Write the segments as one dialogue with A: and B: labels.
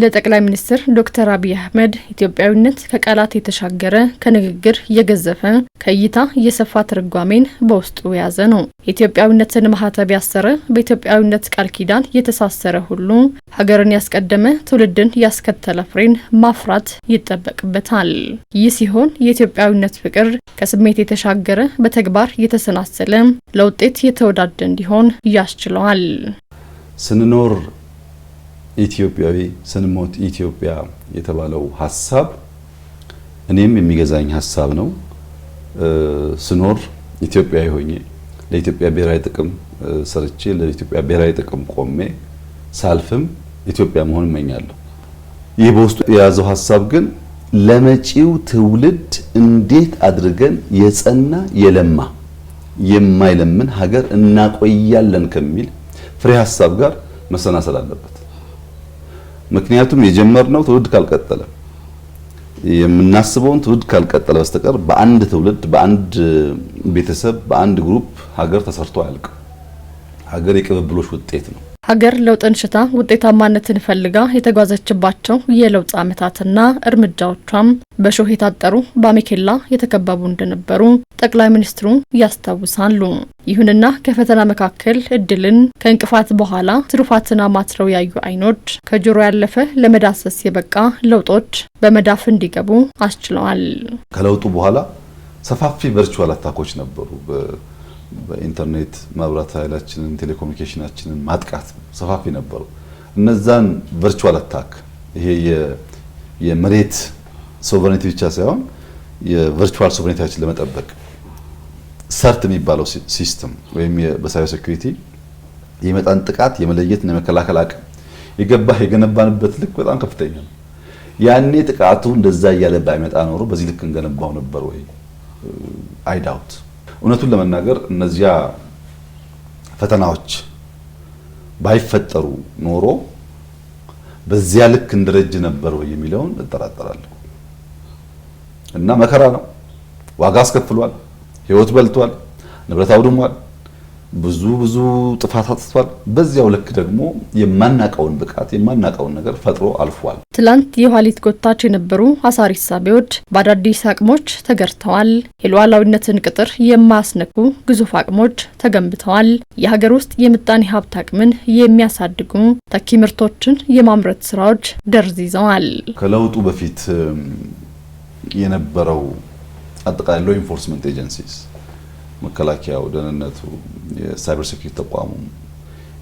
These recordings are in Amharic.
A: ለጠቅላይ ሚኒስትር ዶክተር አብይ አህመድ ኢትዮጵያዊነት ከቃላት የተሻገረ ከንግግር የገዘፈ ከእይታ የሰፋ ትርጓሜን በውስጡ የያዘ ነው። ኢትዮጵያዊነትን ማህተብ ያሰረ፣ በኢትዮጵያዊነት ቃል ኪዳን የተሳሰረ ሁሉ ሀገርን ያስቀደመ ትውልድን ያስከተለ ፍሬን ማፍራት ይጠበቅበታል። ይህ ሲሆን የኢትዮጵያዊነት ፍቅር ከስሜት የተሻገረ በተግባር የተሰናሰለ ለውጤት የተወዳደ እንዲሆን ያስችለዋል።
B: ስንኖር ኢትዮጵያዊ ስንሞት ኢትዮጵያ የተባለው ሀሳብ እኔም የሚገዛኝ ሀሳብ ነው። ስኖር ኢትዮጵያዊ ሆኜ ለኢትዮጵያ ብሔራዊ ጥቅም ሰርቼ ለኢትዮጵያ ብሔራዊ ጥቅም ቆሜ ሳልፍም ኢትዮጵያ መሆን እመኛለሁ። ይህ በውስጡ የያዘው ሀሳብ ግን ለመጪው ትውልድ እንዴት አድርገን የጸና የለማ የማይለምን ሀገር እናቆያለን ከሚል ፍሬ ሀሳብ ጋር መሰናሰል አለበት። ምክንያቱም የጀመርነው ትውልድ ካልቀጠለ የምናስበውን ትውልድ ካልቀጠለ በስተቀር በአንድ ትውልድ በአንድ ቤተሰብ በአንድ ግሩፕ ሀገር ተሰርቶ አያልቅም። ሀገር የቅብብሎች ውጤት ነው።
A: ሀገር ለውጥን ሽታ ውጤታማነትን ፈልጋ የተጓዘችባቸው የለውጥ ዓመታትና እርምጃዎቿም በሾህ የታጠሩ በአሜኬላ የተከበቡ እንደነበሩ ጠቅላይ ሚኒስትሩ ያስታውሳሉ። ይሁንና ከፈተና መካከል እድልን ከእንቅፋት በኋላ ትሩፋትን አማትረው ያዩ አይኖች ከጆሮ ያለፈ ለመዳሰስ የበቃ ለውጦች በመዳፍ እንዲገቡ አስችለዋል።
B: ከለውጡ በኋላ ሰፋፊ ቨርቹዋል አታኮች ነበሩ። በኢንተርኔት መብራት ኃይላችንን ቴሌኮሙኒኬሽናችንን ማጥቃት ሰፋፊ ነበሩ። እነዛን ቨርቹዋል አታክ ይሄ የመሬት ሶቨሬኒቲ ብቻ ሳይሆን የቨርቹዋል ሶቨሬኒቲያችን ለመጠበቅ ሰርት የሚባለው ሲስተም ወይም በሳይበር ሴኩሪቲ የመጣን ጥቃት የመለየትና የመከላከል አቅም የገባህ የገነባንበት ልክ በጣም ከፍተኛ ነው። ያኔ ጥቃቱ እንደዛ እያለ ባይመጣ ኖሮ በዚህ ልክ እንገነባው ነበር ወይ? አይ ዳውት እውነቱን ለመናገር እነዚያ ፈተናዎች ባይፈጠሩ ኖሮ በዚያ ልክ እንደረጅ ነበር ወይ የሚለውን እጠራጠራለሁ። እና መከራ ነው፣ ዋጋ አስከፍሏል፣ ህይወት በልቷል፣ ንብረት አውድሟል። ብዙ ብዙ ጥፋት አጥቷል። በዚያው ልክ ደግሞ የማናቀውን ብቃት የማናቀውን ነገር ፈጥሮ አልፏል።
A: ትላንት የኋሊት ጎታች የነበሩ አሳሪ ሳቢዎች በአዳዲስ አቅሞች ተገርተዋል። የሉዓላዊነትን ቅጥር የማያስነኩ ግዙፍ አቅሞች ተገንብተዋል። የሀገር ውስጥ የምጣኔ ሀብት አቅምን የሚያሳድጉ ተኪ ምርቶችን የማምረት ስራዎች ደርዝ ይዘዋል።
B: ከለውጡ በፊት የነበረው አጠቃላይ ሎ ኢንፎርስመንት ኤጀንሲስ መከላከያው፣ ደህንነቱ፣ የሳይበር ሴኩሪቲ ተቋሙ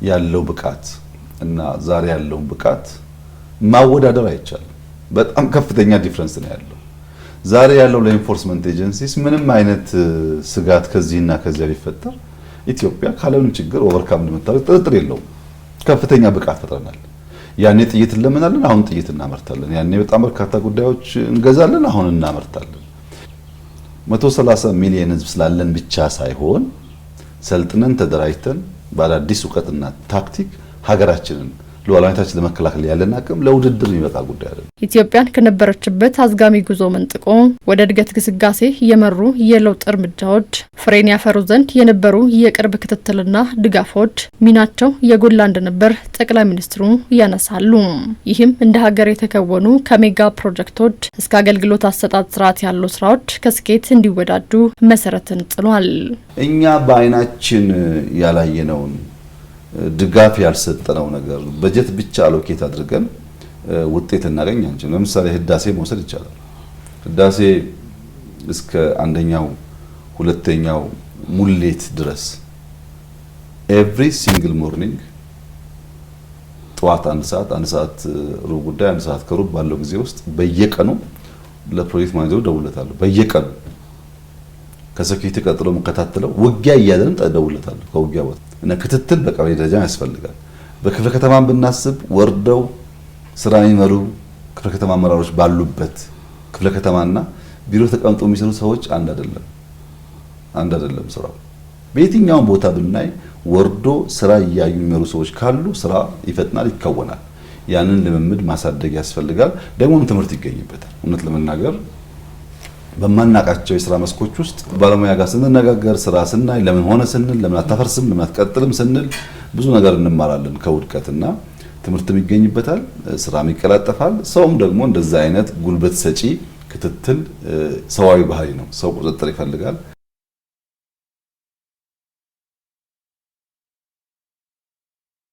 B: ያለው ብቃት እና ዛሬ ያለውን ብቃት ማወዳደር አይቻልም። በጣም ከፍተኛ ዲፍረንስ ነው ያለው። ዛሬ ያለው ለኢንፎርስመንት ኤጀንሲስ ምንም አይነት ስጋት ከዚህና ከዚያ ቢፈጠር ኢትዮጵያ ካለውን ችግር ኦቨርካም እንደምታደርግ ጥርጥር የለውም። ከፍተኛ ብቃት ፈጥረናል። ያኔ ጥይት እንለምናለን፣ አሁን ጥይት እናመርታለን። ያኔ በጣም በርካታ ጉዳዮች እንገዛለን፣ አሁን እናመርታለን። 130 ሚሊዮን ህዝብ ስላለን ብቻ ሳይሆን ሰልጥነን ተደራጅተን በአዳዲስ እውቀትና ታክቲክ ሀገራችንን ሉዓላዊነታችን ለመከላከል ያለን አቅም ለውድድር የሚበቃ ጉዳይ አይደለም።
A: ኢትዮጵያን ከነበረችበት አዝጋሚ ጉዞ መንጥቆ ወደ እድገት ግስጋሴ የመሩ የለውጥ እርምጃዎች ፍሬን ያፈሩ ዘንድ የነበሩ የቅርብ ክትትልና ድጋፎች ሚናቸው የጎላ እንደነበር ጠቅላይ ሚኒስትሩ ያነሳሉ። ይህም እንደ ሀገር የተከወኑ ከሜጋ ፕሮጀክቶች እስከ አገልግሎት አሰጣጥ ስርዓት ያሉ ስራዎች ከስኬት እንዲወዳጁ መሰረትን ጥሏል።
B: እኛ በአይናችን ያላየነውን ድጋፍ ያልሰጠነው ነገር ነው። በጀት ብቻ አሎኬት አድርገን ውጤት እናገኝ አንችልም። ለምሳሌ ህዳሴ መውሰድ ይቻላል። ህዳሴ እስከ አንደኛው ሁለተኛው ሙሌት ድረስ ኤቭሪ ሲንግል ሞርኒንግ ጠዋት አንድ ሰዓት አንድ ሰዓት ሩብ ጉዳይ አንድ ሰዓት ከሩብ ባለው ጊዜ ውስጥ በየቀኑ ለፕሮጀክት ማኔጀሩ ደውለታለሁ። በየቀኑ ከሰኪቲ ቀጥሎ መከታተለው ውጊያ እያለን ደውለታለሁ ከውጊያ ቦታ እና ክትትል በቀበሌ ደረጃ ያስፈልጋል። በክፍለ ከተማን ብናስብ ወርደው ስራ የሚመሩ ክፍለ ከተማ አመራሮች ባሉበት ክፍለ ከተማና ቢሮ ተቀምጦ የሚሰሩ ሰዎች አንድ አይደለም አንድ አይደለም። ስራው በየትኛውም ቦታ ብናይ ወርዶ ስራ እያዩ የሚመሩ ሰዎች ካሉ ስራ ይፈጥናል፣ ይከወናል። ያንን ልምምድ ማሳደግ ያስፈልጋል። ደግሞም ትምህርት ይገኝበታል እውነት ለመናገር በማናቃቸው የስራ መስኮች ውስጥ ባለሙያ ጋር ስንነጋገር ስራ ስናይ ለምን ሆነ ስንል ለምን አታፈርስም ለምን አትቀጥልም ስንል ብዙ ነገር እንማራለን ከውድቀትና ትምህርትም ይገኝበታል፣ ስራም ይቀላጠፋል። ሰውም ደግሞ እንደዛ አይነት ጉልበት ሰጪ ክትትል ሰዋዊ ባህሪ ነው። ሰው ቁጥጥር ይፈልጋል።